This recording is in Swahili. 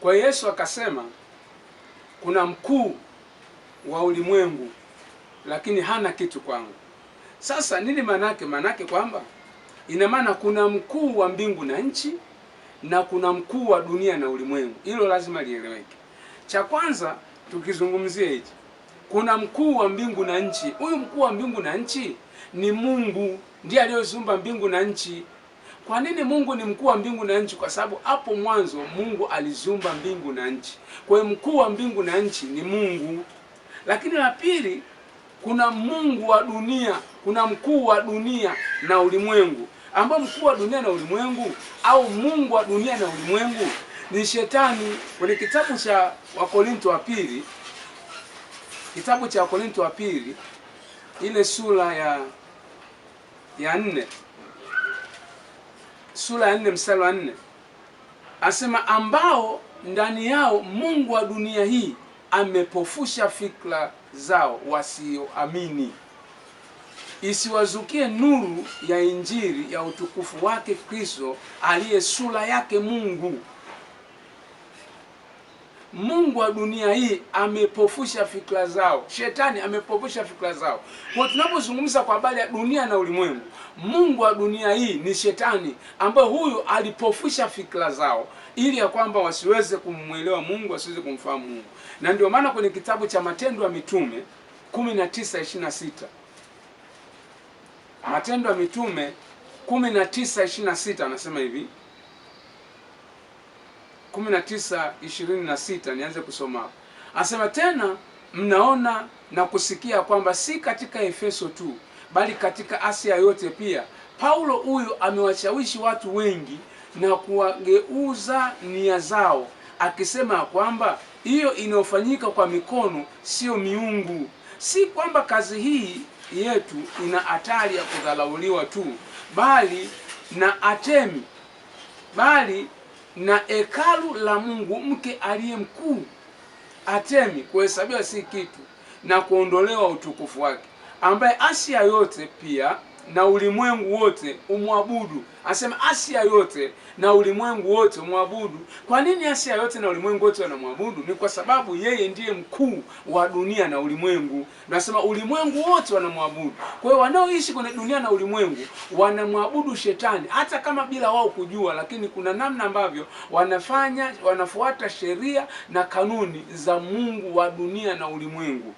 Kwa Yesu akasema kuna mkuu wa ulimwengu lakini hana kitu kwangu. Sasa nini manake Manake kwamba ina maana kuna mkuu wa mbingu na nchi na kuna mkuu wa dunia na ulimwengu. Hilo lazima lieleweke. Cha kwanza tukizungumzia hichi, kuna mkuu wa mbingu na nchi. Huyu mkuu wa mbingu na nchi ni Mungu, ndiye aliyozumba mbingu na nchi. Kwa nini Mungu ni mkuu wa mbingu na nchi? Kwa sababu hapo mwanzo Mungu aliziumba mbingu na nchi. Kwa hiyo mkuu wa mbingu na nchi ni Mungu. Lakini la pili, kuna Mungu wa dunia, kuna mkuu wa dunia na ulimwengu, ambao mkuu wa dunia na ulimwengu au Mungu wa dunia na ulimwengu ni Shetani. Kwenye kitabu cha Wakorinto wa pili, kitabu cha Wakorinto wa pili ile sura ya ya nne sura ya nne mstari wa nne asema ambao ndani yao Mungu wa dunia hii amepofusha fikra zao wasioamini, isiwazukie nuru ya Injili ya utukufu wake Kristo aliye sura yake Mungu. Mungu wa dunia hii amepofusha fikra zao, shetani amepofusha fikra zao. Kwa tunapozungumza kwa habari ya dunia na ulimwengu, Mungu wa dunia hii ni shetani ambaye huyu alipofusha fikra zao ili ya kwamba wasiweze kumwelewa Mungu, wasiweze kumfahamu Mungu. Na ndio maana kwenye kitabu cha Matendo ya Mitume 19:26 Matendo ya Mitume 19:26 anasema hivi 19 nianze kusoma hapo. Anasema tena, mnaona na kusikia kwamba si katika Efeso tu bali katika Asia yote pia Paulo huyu amewashawishi watu wengi na kuwageuza nia zao, akisema kwamba hiyo inayofanyika kwa mikono sio miungu. Si kwamba kazi hii yetu ina hatari ya kudhalauliwa tu, bali na atemi, bali na hekalu la Mungu, mke aliye mkuu atemi kuhesabiwa si kitu na kuondolewa utukufu wake, ambaye Asia yote pia na ulimwengu wote umwabudu. Asema Asia yote na ulimwengu wote umwabudu. Kwa nini Asia yote na ulimwengu wote wanamwabudu? Ni kwa sababu yeye ndiye mkuu wa dunia na ulimwengu. Nasema ulimwengu wote wanamwabudu. Kwa hiyo wanaoishi kwenye dunia na ulimwengu wanamwabudu shetani, hata kama bila wao kujua, lakini kuna namna ambavyo wanafanya, wanafuata sheria na kanuni za Mungu wa dunia na ulimwengu.